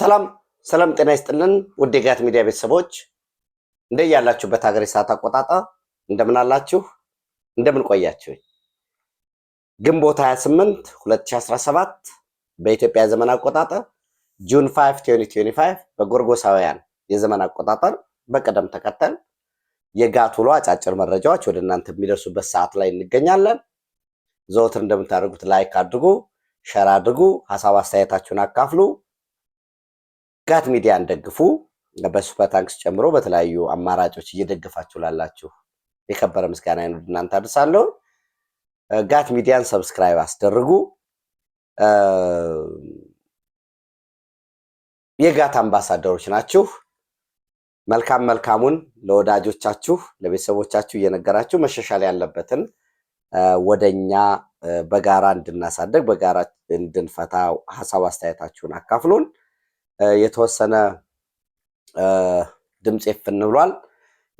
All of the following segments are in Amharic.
ሰላም ሰላም፣ ጤና ይስጥልን ውድ የጋት ሚዲያ ቤተሰቦች እንደ ያላችሁበት ሀገር የሰዓት አቆጣጠር እንደምን አላችሁ? እንደምን ቆያችሁ? ግንቦት 28 2017 በኢትዮጵያ ዘመን አቆጣጠር ጁን 5 2025 በጎርጎሳውያን የዘመን አቆጣጠር በቅደም ተከተል የጋት ውሎ አጫጭር መረጃዎች ወደ እናንተ የሚደርሱበት ሰዓት ላይ እንገኛለን። ዘወትር እንደምታደርጉት ላይክ አድርጉ፣ ሸር አድርጉ፣ ሀሳብ አስተያየታችሁን አካፍሉ። ጋት ሚዲያን ደግፉ። በሱፐር ታንክስ ጨምሮ በተለያዩ አማራጮች እየደገፋችሁ ላላችሁ የከበረ ምስጋና ይኑ እናንተ አድርሳለሁ። ጋት ሚዲያን ሰብስክራይብ አስደርጉ። የጋት አምባሳደሮች ናችሁ። መልካም መልካሙን ለወዳጆቻችሁ ለቤተሰቦቻችሁ እየነገራችሁ መሻሻል ያለበትን ወደኛ በጋራ እንድናሳደግ በጋራ እንድንፈታ ሀሳብ አስተያየታችሁን አካፍሉን። የተወሰነ ድምፄ ፍን ብሏል።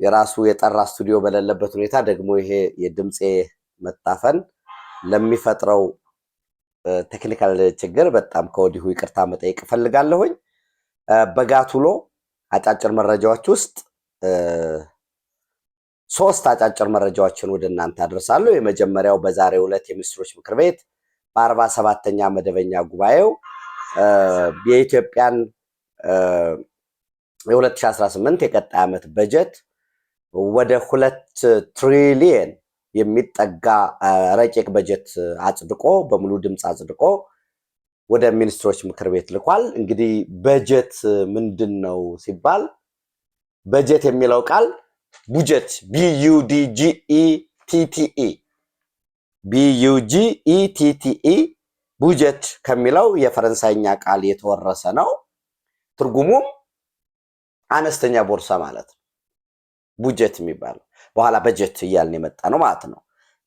የራሱ የጠራ ስቱዲዮ በሌለበት ሁኔታ ደግሞ ይሄ የድምፄ መጣፈን ለሚፈጥረው ቴክኒካል ችግር በጣም ከወዲሁ ይቅርታ መጠየቅ እፈልጋለሁኝ። በጋት ውሎ አጫጭር መረጃዎች ውስጥ ሶስት አጫጭር መረጃዎችን ወደ እናንተ አድርሳለሁ። የመጀመሪያው በዛሬው ዕለት የሚኒስትሮች ምክር ቤት በአርባ ሰባተኛ መደበኛ ጉባኤው የኢትዮጵያን የ2018 የቀጣይ ዓመት በጀት ወደ ሁለት ትሪሊየን የሚጠጋ ረቂቅ በጀት አጽድቆ በሙሉ ድምፅ አጽድቆ ወደ ሚኒስትሮች ምክር ቤት ልኳል። እንግዲህ በጀት ምንድን ነው ሲባል በጀት የሚለው ቃል ቡጀት ቢዩዲጂኢቲቲኢ ቢዩጂኢቲቲኢ ቡጀት ከሚለው የፈረንሳይኛ ቃል የተወረሰ ነው። ትርጉሙም አነስተኛ ቦርሳ ማለት ነው። ቡጀት የሚባለው በኋላ በጀት እያልን የመጣ ነው ማለት ነው።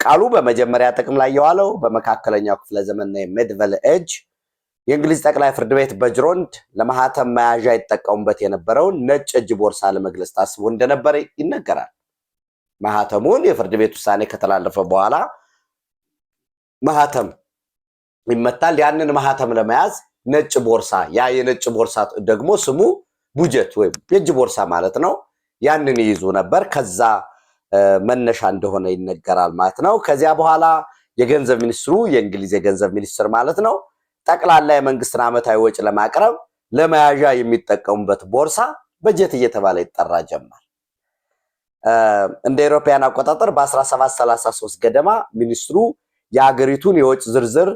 ቃሉ በመጀመሪያ ጥቅም ላይ የዋለው በመካከለኛው ክፍለ ዘመን የሜድቨል ኤጅ የእንግሊዝ ጠቅላይ ፍርድ ቤት በጅሮንድ ለማህተም መያዣ ይጠቀሙበት የነበረውን ነጭ እጅ ቦርሳ ለመግለጽ ታስቦ እንደነበረ ይነገራል። ማህተሙን የፍርድ ቤት ውሳኔ ከተላለፈ በኋላ ማህተም ይመታል። ያንን ማህተም ለመያዝ ነጭ ቦርሳ፣ ያ የነጭ ቦርሳ ደግሞ ስሙ ቡጀት ወይም የእጅ ቦርሳ ማለት ነው። ያንን ይይዙ ነበር። ከዛ መነሻ እንደሆነ ይነገራል ማለት ነው። ከዚያ በኋላ የገንዘብ ሚኒስትሩ የእንግሊዝ የገንዘብ ሚኒስትር ማለት ነው ጠቅላላ የመንግስትን ዓመታዊ ወጪ ለማቅረብ ለመያዣ የሚጠቀሙበት ቦርሳ በጀት እየተባለ ይጠራ ጀመር። እንደ አውሮፓውያን አቆጣጠር በ1733 ገደማ ሚኒስትሩ የአገሪቱን የወጭ ዝርዝር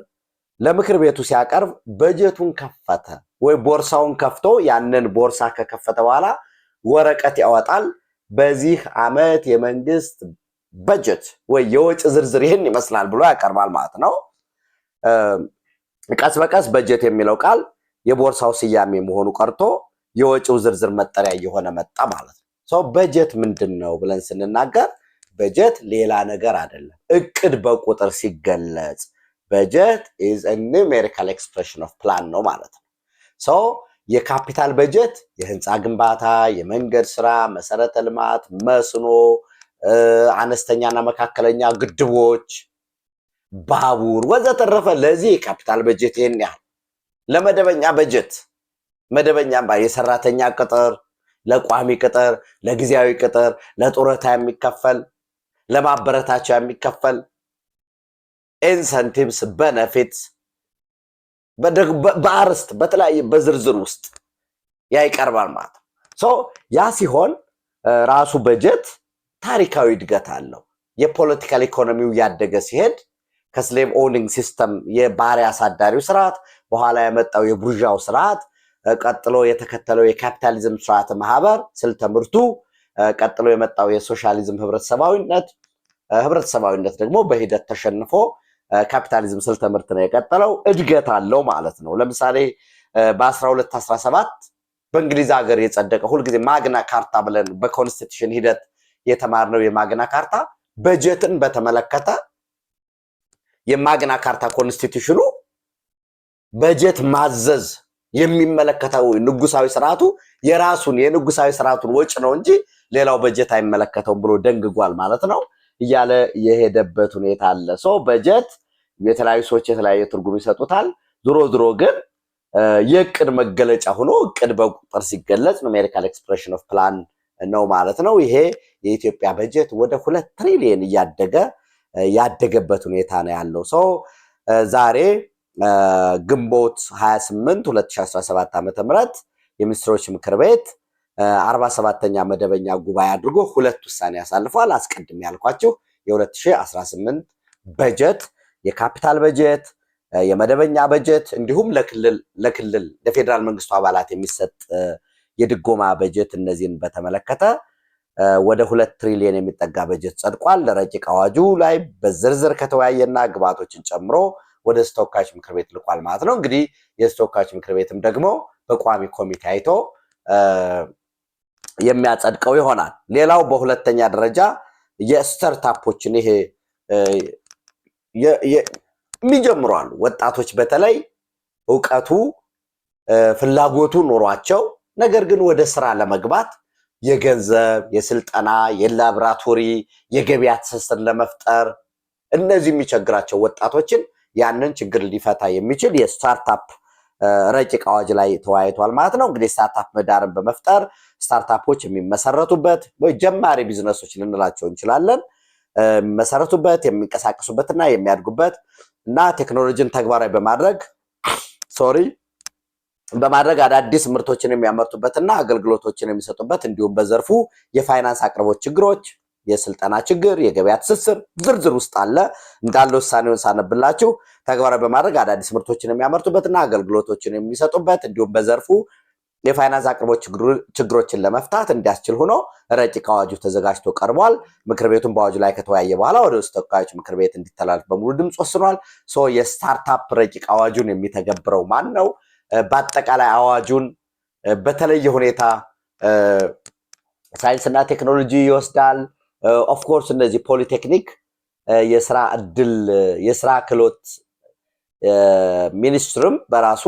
ለምክር ቤቱ ሲያቀርብ በጀቱን ከፈተ ወይ ቦርሳውን ከፍቶ ያንን ቦርሳ ከከፈተ በኋላ ወረቀት ያወጣል። በዚህ ዓመት የመንግስት በጀት ወይ የወጭ ዝርዝር ይህን ይመስላል ብሎ ያቀርባል ማለት ነው። ቀስ በቀስ በጀት የሚለው ቃል የቦርሳው ስያሜ መሆኑ ቀርቶ የወጪው ዝርዝር መጠሪያ እየሆነ መጣ ማለት ነው። ሰው በጀት ምንድን ነው ብለን ስንናገር በጀት ሌላ ነገር አይደለም፣ እቅድ በቁጥር ሲገለጽ በጀት ኢዝ ኤ ኒሜሪካል ኤክስፕሬሽን ኦፍ ፕላን ነው ማለት ነው። ሶ የካፒታል በጀት የህንፃ ግንባታ፣ የመንገድ ስራ፣ መሰረተ ልማት፣ መስኖ፣ አነስተኛና መካከለኛ ግድቦች፣ ባቡር ወዘተረፈ። ለዚህ የካፒታል በጀት ይህን ያህል ለመደበኛ በጀት መደበኛ የሰራተኛ ቅጥር፣ ለቋሚ ቅጥር፣ ለጊዜያዊ ቅጥር፣ ለጡረታ የሚከፈል ለማበረታቻ የሚከፈል ኢንሰንቲቭስ በነፊትስ በአርስት በተለያየ በዝርዝር ውስጥ ያ ይቀርባል ማለት ነው። ያ ሲሆን ራሱ በጀት ታሪካዊ እድገት አለው። የፖለቲካል ኢኮኖሚው ያደገ ሲሄድ ከስሌቭ ኦውኒንግ ሲስተም የባሪያ አሳዳሪው ስርዓት በኋላ የመጣው የቡርዣው ስርዓት ቀጥሎ የተከተለው የካፒታሊዝም ስርዓት ማህበር ስልተ ምርቱ ቀጥሎ የመጣው የሶሻሊዝም ህብረተሰባዊነት ህብረተሰባዊነት ደግሞ በሂደት ተሸንፎ ካፒታሊዝም ስልተ ምርት ነው የቀጠለው። እድገት አለው ማለት ነው። ለምሳሌ በ1217 በእንግሊዝ ሀገር የጸደቀ ሁልጊዜ ማግና ካርታ ብለን በኮንስቲቱሽን ሂደት የተማርነው የማግና ካርታ በጀትን በተመለከተ የማግና ካርታ ኮንስቲቱሽኑ በጀት ማዘዝ የሚመለከተው ንጉሳዊ ስርዓቱ የራሱን የንጉሳዊ ስርዓቱን ወጪ ነው እንጂ ሌላው በጀት አይመለከተውም ብሎ ደንግጓል ማለት ነው። እያለ የሄደበት ሁኔታ አለ። ሰው በጀት የተለያዩ ሰዎች የተለያየ ትርጉም ይሰጡታል። ዝሮ ዝሮ ግን የእቅድ መገለጫ ሆኖ እቅድ በቁጥር ሲገለጽ ኑሜሪካል ኤክስፕሬሽን ኦፍ ፕላን ነው ማለት ነው። ይሄ የኢትዮጵያ በጀት ወደ ሁለት ትሪሊየን እያደገ ያደገበት ሁኔታ ነው ያለው። ሰው ዛሬ ግንቦት 28 2017 ም የሚኒስትሮች ምክር ቤት አርባ ሰባተኛ መደበኛ ጉባኤ አድርጎ ሁለት ውሳኔ ያሳልፏል። አስቀድሜ ያልኳችሁ የ2018 በጀት የካፒታል በጀት የመደበኛ በጀት እንዲሁም ለክልል ለፌዴራል መንግስቱ አባላት የሚሰጥ የድጎማ በጀት እነዚህን በተመለከተ ወደ ሁለት ትሪሊየን የሚጠጋ በጀት ጸድቋል። ለረቂቅ አዋጁ ላይ በዝርዝር ከተወያየና ግብዓቶችን ጨምሮ ወደ ተወካዮች ምክር ቤት ልኳል ማለት ነው። እንግዲህ የተወካዮች ምክር ቤትም ደግሞ በቋሚ ኮሚቴ አይቶ የሚያጸድቀው ይሆናል። ሌላው በሁለተኛ ደረጃ የስተርታፖችን ይሄ የሚጀምሩ አሉ። ወጣቶች በተለይ እውቀቱ ፍላጎቱ ኖሯቸው ነገር ግን ወደ ስራ ለመግባት የገንዘብ፣ የስልጠና፣ የላብራቶሪ፣ የገበያ ትስስር ለመፍጠር እነዚህ የሚቸግራቸው ወጣቶችን ያንን ችግር ሊፈታ የሚችል የስታርታፕ ረቂቅ አዋጅ ላይ ተወያይቷል ማለት ነው። እንግዲህ ስታርታፕ ምህዳርን በመፍጠር ስታርታፖች የሚመሰረቱበት ጀማሪ ቢዝነሶች ልንላቸው እንችላለን የሚመሰረቱበት የሚንቀሳቀሱበትና የሚያድጉበት እና ቴክኖሎጂን ተግባራዊ በማድረግ ሶሪ በማድረግ አዳዲስ ምርቶችን የሚያመርቱበትና አገልግሎቶችን የሚሰጡበት እንዲሁም በዘርፉ የፋይናንስ አቅርቦት ችግሮች የስልጠና ችግር፣ የገበያ ትስስር ዝርዝር ውስጥ አለ እንዳለ ውሳኔውን ሳነብላችሁ ተግባራዊ በማድረግ አዳዲስ ምርቶችን የሚያመርቱበትና አገልግሎቶችን የሚሰጡበት እንዲሁም በዘርፉ የፋይናንስ አቅርቦት ችግሮችን ለመፍታት እንዲያስችል ሆኖ ረቂቅ አዋጁ ተዘጋጅቶ ቀርቧል። ምክር ቤቱን በአዋጁ ላይ ከተወያየ በኋላ ወደ ውስጥ ተወካዮች ምክር ቤት እንዲተላለፍ በሙሉ ድምፅ ወስኗል። የስታርታፕ ረቂቅ አዋጁን የሚተገብረው ማን ነው? በአጠቃላይ አዋጁን በተለየ ሁኔታ ሳይንስና ቴክኖሎጂ ይወስዳል። ኦፍኮርስ እነዚህ ፖሊቴክኒክ የስራ እድል የስራ ክህሎት ሚኒስትርም በራሱ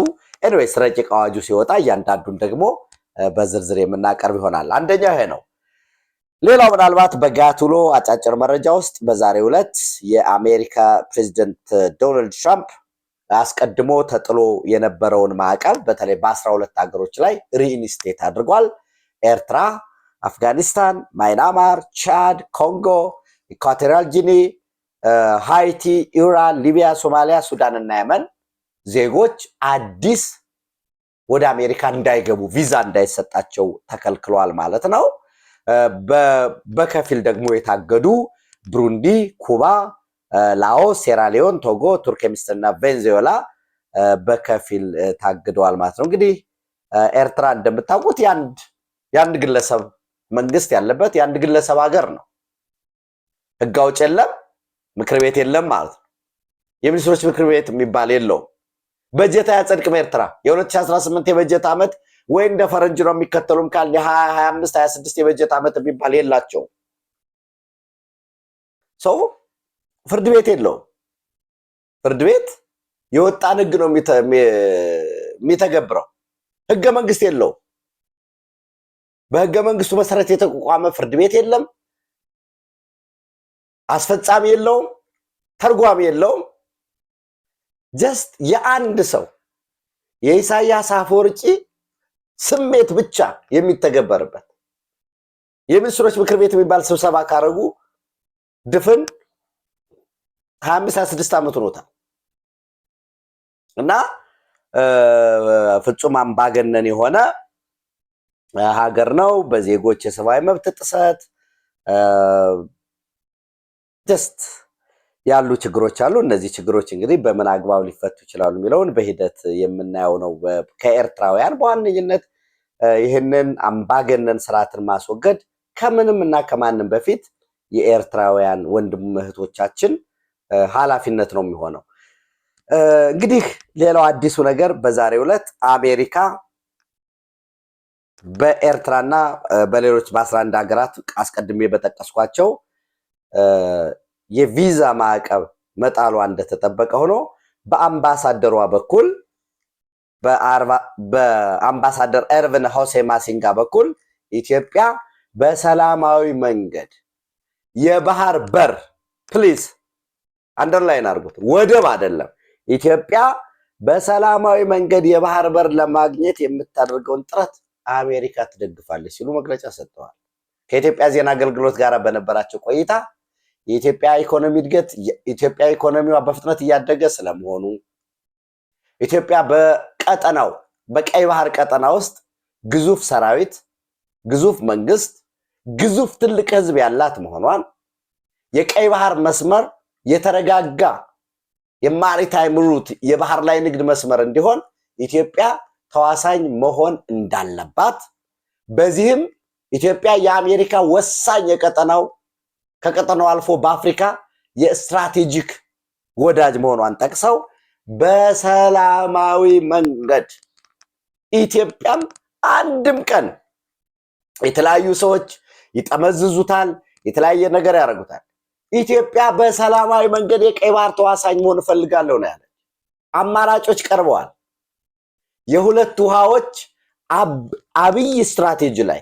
ኤንዌይስ ረቂቅ አዋጁ ሲወጣ እያንዳንዱን ደግሞ በዝርዝር የምናቀርብ ይሆናል። አንደኛው ይሄ ነው። ሌላው ምናልባት በጋት ውሎ አጫጭር መረጃ ውስጥ በዛሬው ዕለት የአሜሪካ ፕሬዚደንት ዶናልድ ትራምፕ አስቀድሞ ተጥሎ የነበረውን ማዕቀብ በተለይ በአስራ ሁለት ሀገሮች ላይ ሪኢንስቴት አድርጓል። ኤርትራ አፍጋኒስታን፣ ማይናማር፣ ቻድ፣ ኮንጎ፣ ኢኳቶሪያል ጊኒ፣ ሃይቲ፣ ኢራን፣ ሊቢያ፣ ሶማሊያ፣ ሱዳን እና የመን ዜጎች አዲስ ወደ አሜሪካ እንዳይገቡ ቪዛ እንዳይሰጣቸው ተከልክለዋል ማለት ነው። በከፊል ደግሞ የታገዱ ብሩንዲ፣ ኩባ፣ ላኦስ፣ ሴራሊዮን፣ ቶጎ፣ ቱርክሜኒስታን እና ቬንዙዌላ በከፊል ታግደዋል ማለት ነው። እንግዲህ ኤርትራ እንደምታውቁት የአንድ ግለሰብ መንግስት ያለበት የአንድ ግለሰብ ሀገር ነው። ህግ አውጭ የለም፣ ምክር ቤት የለም ማለት ነው። የሚኒስትሮች ምክር ቤት የሚባል የለውም። በጀት አያጸድቅም። ኤርትራ የ2018 የበጀት ዓመት ወይ እንደ ፈረንጅ ነው የሚከተሉም ካል የ25 26 የበጀት ዓመት የሚባል የላቸውም። ሰው ፍርድ ቤት የለውም። ፍርድ ቤት የወጣን ህግ ነው የሚተገብረው። ህገ መንግስት የለውም። በህገ መንግስቱ መሰረት የተቋቋመ ፍርድ ቤት የለም፣ አስፈጻሚ የለውም፣ ተርጓሚ የለውም። ጀስት የአንድ ሰው የኢሳያስ አፈወርቂ ስሜት ብቻ የሚተገበርበት የሚኒስትሮች ምክር ቤት የሚባል ስብሰባ ካረጉ ድፍን ሀያ አምስት ሀያ ስድስት ዓመት ሆኖታል እና ፍጹም አምባገነን የሆነ ሀገር ነው። በዜጎች የሰብአዊ መብት ጥሰት ጀስት ያሉ ችግሮች አሉ። እነዚህ ችግሮች እንግዲህ በምን አግባብ ሊፈቱ ይችላሉ የሚለውን በሂደት የምናየው ነው። ከኤርትራውያን በዋነኝነት ይህንን አምባገነን ስርዓትን ማስወገድ ከምንም እና ከማንም በፊት የኤርትራውያን ወንድም እህቶቻችን ኃላፊነት ነው የሚሆነው። እንግዲህ ሌላው አዲሱ ነገር በዛሬው ዕለት አሜሪካ በኤርትራና በሌሎች በ11 ሀገራት አስቀድሜ በጠቀስኳቸው የቪዛ ማዕቀብ መጣሏ እንደተጠበቀ ሆኖ በአምባሳደሯ በኩል በአምባሳደር ኤርቨን ሆሴ ማሲንጋ በኩል ኢትዮጵያ በሰላማዊ መንገድ የባህር በር ፕሊዝ አንደርላይን አድርጉት፣ ወደብ አይደለም። ኢትዮጵያ በሰላማዊ መንገድ የባህር በር ለማግኘት የምታደርገውን ጥረት አሜሪካ ትደግፋለች ሲሉ መግለጫ ሰጥተዋል። ከኢትዮጵያ ዜና አገልግሎት ጋር በነበራቸው ቆይታ የኢትዮጵያ ኢኮኖሚ እድገት ኢትዮጵያ ኢኮኖሚዋ በፍጥነት እያደገ ስለመሆኑ ኢትዮጵያ በቀጠናው በቀይ ባህር ቀጠና ውስጥ ግዙፍ ሰራዊት፣ ግዙፍ መንግስት፣ ግዙፍ ትልቅ ህዝብ ያላት መሆኗን የቀይ ባህር መስመር የተረጋጋ የማሪታይም ሩት የባህር ላይ ንግድ መስመር እንዲሆን ኢትዮጵያ ተዋሳኝ መሆን እንዳለባት በዚህም ኢትዮጵያ የአሜሪካ ወሳኝ የቀጠናው ከቀጠናው አልፎ በአፍሪካ የስትራቴጂክ ወዳጅ መሆኗን ጠቅሰው በሰላማዊ መንገድ ኢትዮጵያም አንድም ቀን የተለያዩ ሰዎች ይጠመዝዙታል፣ የተለያየ ነገር ያደርጉታል። ኢትዮጵያ በሰላማዊ መንገድ የቀይ ባህር ተዋሳኝ መሆን እፈልጋለሁ ነው ያለች። አማራጮች ቀርበዋል። የሁለት ውሃዎች አብይ ስትራቴጂ ላይ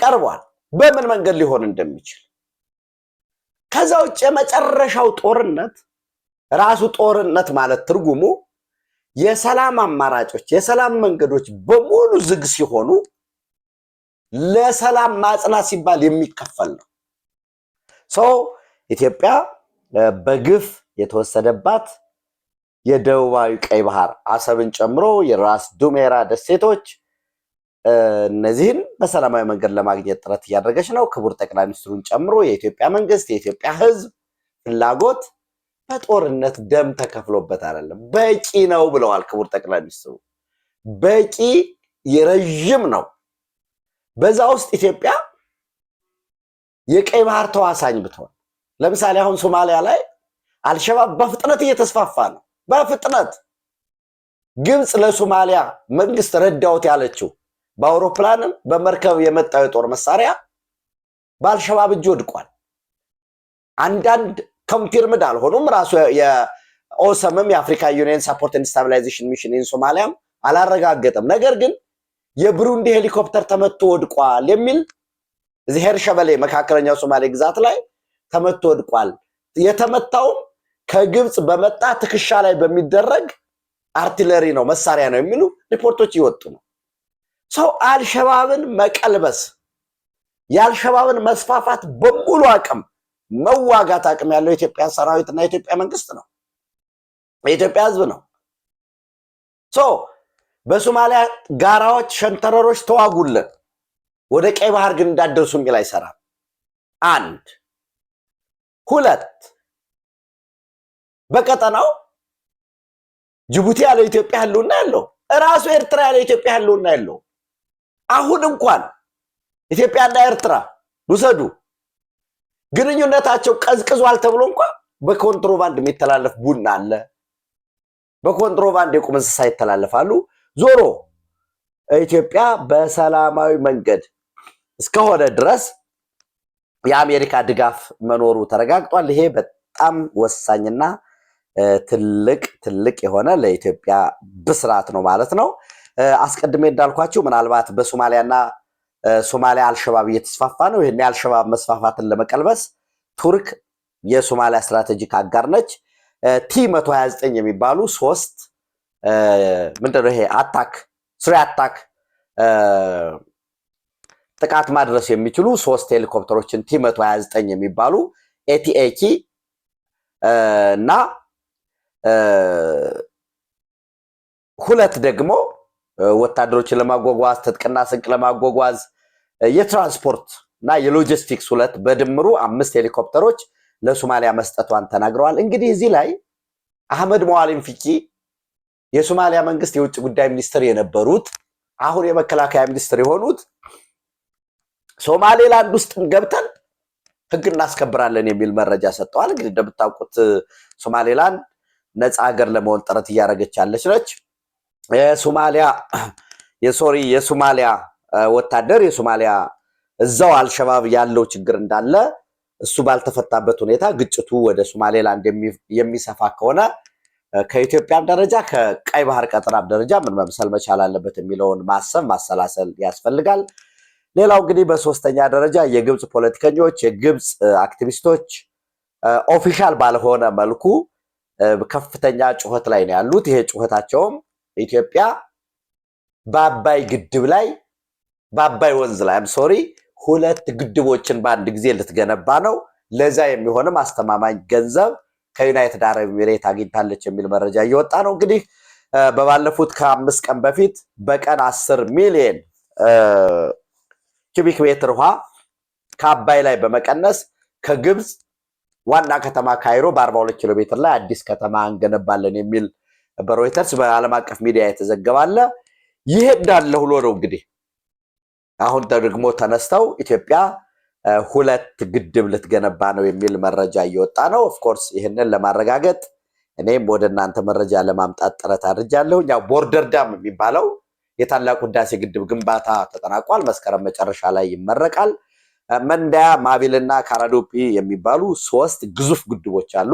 ቀርቧል። በምን መንገድ ሊሆን እንደሚችል ከዛ ውጭ የመጨረሻው ጦርነት ራሱ ጦርነት ማለት ትርጉሙ የሰላም አማራጮች፣ የሰላም መንገዶች በሙሉ ዝግ ሲሆኑ ለሰላም ማጽናት ሲባል የሚከፈል ነው። ሰው ኢትዮጵያ በግፍ የተወሰደባት የደቡባዊ ቀይ ባህር አሰብን ጨምሮ የራስ ዱሜራ ደሴቶች እነዚህን በሰላማዊ መንገድ ለማግኘት ጥረት እያደረገች ነው። ክቡር ጠቅላይ ሚኒስትሩን ጨምሮ የኢትዮጵያ መንግስት፣ የኢትዮጵያ ህዝብ ፍላጎት በጦርነት ደም ተከፍሎበት አይደለም፣ በቂ ነው ብለዋል ክቡር ጠቅላይ ሚኒስትሩ። በቂ የረዥም ነው። በዛ ውስጥ ኢትዮጵያ የቀይ ባህር ተዋሳኝ ብትሆን፣ ለምሳሌ አሁን ሶማሊያ ላይ አልሸባብ በፍጥነት እየተስፋፋ ነው። በፍጥነት ግብፅ ለሶማሊያ መንግስት ረዳውት ያለችው በአውሮፕላንም በመርከብ የመጣው የጦር መሳሪያ በአልሸባብ እጅ ወድቋል። አንዳንድ ኮንፊርምድ አልሆኑም። ራሱ የኦሰምም የአፍሪካ ዩኒየን ሳፖርት ኤንድ ስታቢላይዜሽን ሚሽን ኢን ሶማሊያም አላረጋገጠም። ነገር ግን የብሩንዲ ሄሊኮፕተር ተመቶ ወድቋል የሚል እዚህ ሄር ሸበሌ መካከለኛው ሶማሌ ግዛት ላይ ተመቶ ወድቋል የተመታውም ከግብፅ በመጣ ትከሻ ላይ በሚደረግ አርቲለሪ ነው መሳሪያ ነው የሚሉ ሪፖርቶች ይወጡ ነው። ሰው አልሸባብን መቀልበስ የአልሸባብን መስፋፋት በሙሉ አቅም መዋጋት አቅም ያለው የኢትዮጵያ ሰራዊት እና የኢትዮጵያ መንግስት ነው፣ የኢትዮጵያ ህዝብ ነው። በሶማሊያ ጋራዎች፣ ሸንተረሮች ተዋጉልን፣ ወደ ቀይ ባህር ግን እንዳደርሱ የሚል አይሰራም። አንድ ሁለት በቀጠናው ጅቡቲ ያለ ኢትዮጵያ ህልውና ያለው እራሱ ኤርትራ ያለ ኢትዮጵያ ህልውና ያለው። አሁን እንኳን ኢትዮጵያና ኤርትራ ውሰዱ ግንኙነታቸው ቀዝቅዟል ተብሎ እንኳን በኮንትሮባንድ የሚተላለፍ ቡና አለ። በኮንትሮባንድ የቁም እንስሳ ይተላለፋሉ። ዞሮ ኢትዮጵያ በሰላማዊ መንገድ እስከሆነ ድረስ የአሜሪካ ድጋፍ መኖሩ ተረጋግጧል። ይሄ በጣም ወሳኝና ትልቅ ትልቅ የሆነ ለኢትዮጵያ ብስራት ነው ማለት ነው። አስቀድሜ እንዳልኳችሁ ምናልባት በሶማሊያና ሶማሊያ አልሸባብ እየተስፋፋ ነው። ይህን የአልሸባብ መስፋፋትን ለመቀልበስ ቱርክ የሶማሊያ ስትራቴጂክ አጋር ነች። ቲ 129 የሚባሉ ሶስት ምንድነው ይሄ አታክ ስሪ አታክ ጥቃት ማድረስ የሚችሉ ሶስት ሄሊኮፕተሮችን ቲ 129 የሚባሉ ኤቲኤኪ እና ሁለት ደግሞ ወታደሮችን ለማጓጓዝ ትጥቅና ስንቅ ለማጓጓዝ የትራንስፖርት እና የሎጂስቲክስ ሁለት በድምሩ አምስት ሄሊኮፕተሮች ለሶማሊያ መስጠቷን ተናግረዋል። እንግዲህ እዚህ ላይ አህመድ መዋሊም ፊቂ የሶማሊያ መንግስት የውጭ ጉዳይ ሚኒስትር የነበሩት አሁን የመከላከያ ሚኒስትር የሆኑት ሶማሌላንድ ውስጥም ገብተን ህግ እናስከብራለን የሚል መረጃ ሰጥተዋል። እንግዲህ እንደምታውቁት ሶማሌላንድ ነፃ ሀገር ለመሆን ጥረት እያደረገች ያለች ነች። የሶማሊያ የሶሪ የሶማሊያ ወታደር የሶማሊያ እዛው አልሸባብ ያለው ችግር እንዳለ እሱ ባልተፈታበት ሁኔታ ግጭቱ ወደ ሶማሌላንድ የሚሰፋ ከሆነ ከኢትዮጵያም ደረጃ ከቀይ ባህር ቀጠናም ደረጃ ምን መምሰል መቻል አለበት የሚለውን ማሰብ ማሰላሰል ያስፈልጋል። ሌላው እንግዲህ በሶስተኛ ደረጃ የግብፅ ፖለቲከኞች፣ የግብፅ አክቲቪስቶች ኦፊሻል ባልሆነ መልኩ ከፍተኛ ጩኸት ላይ ነው ያሉት። ይሄ ጩኸታቸውም ኢትዮጵያ በአባይ ግድብ ላይ በአባይ ወንዝ ላይ አም ሶሪ ሁለት ግድቦችን በአንድ ጊዜ ልትገነባ ነው፣ ለዛ የሚሆንም አስተማማኝ ገንዘብ ከዩናይትድ አረብ ኤሚሬት አግኝታለች የሚል መረጃ እየወጣ ነው። እንግዲህ በባለፉት ከአምስት ቀን በፊት በቀን አስር ሚሊየን ኪቢክ ሜትር ውሃ ከአባይ ላይ በመቀነስ ከግብፅ ዋና ከተማ ካይሮ በ42 ኪሎ ሜትር ላይ አዲስ ከተማ እንገነባለን የሚል በሮይተርስ በዓለም አቀፍ ሚዲያ የተዘገባለ። ይሄ እንዳለ ሁሎ ነው እንግዲህ አሁን ደግሞ ተነስተው ኢትዮጵያ ሁለት ግድብ ልትገነባ ነው የሚል መረጃ እየወጣ ነው። ኦፍኮርስ ይህንን ለማረጋገጥ እኔም ወደ እናንተ መረጃ ለማምጣት ጥረት አድርጃለሁ። ያ ቦርደር ዳም የሚባለው የታላቁ ህዳሴ ግድብ ግንባታ ተጠናቋል። መስከረም መጨረሻ ላይ ይመረቃል። መንዳ፣ ማቢልና ካራዶፒ የሚባሉ ሶስት ግዙፍ ግድቦች አሉ።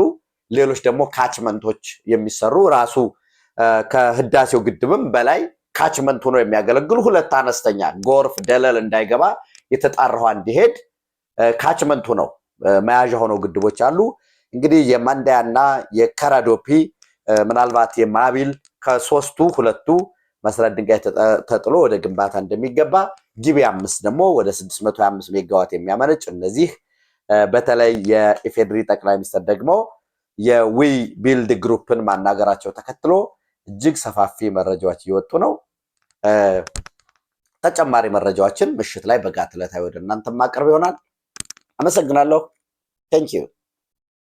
ሌሎች ደግሞ ካችመንቶች የሚሰሩ ራሱ ከህዳሴው ግድብም በላይ ካችመንት ሆኖ የሚያገለግሉ ሁለት አነስተኛ ጎርፍ፣ ደለል እንዳይገባ የተጣራው እንዲሄድ ካችመንቱ ነው መያዣ ሆነው ግድቦች አሉ። እንግዲህ የመንዳያና የካራዶፒ ምናልባት የማቢል ከሶስቱ ሁለቱ መሰረት ድንጋይ ተጥሎ ወደ ግንባታ እንደሚገባ ጊቤ አምስት ደግሞ ወደ 625 ሜጋዋት የሚያመነጭ እነዚህ በተለይ የኢፌድሪ ጠቅላይ ሚኒስትር ደግሞ የዊ ቢልድ ግሩፕን ማናገራቸው ተከትሎ እጅግ ሰፋፊ መረጃዎች እየወጡ ነው። ተጨማሪ መረጃዎችን ምሽት ላይ በጋት ዕለታዊ ወደ እናንተ ማቅረብ ይሆናል። አመሰግናለሁ። ቴንኪዩ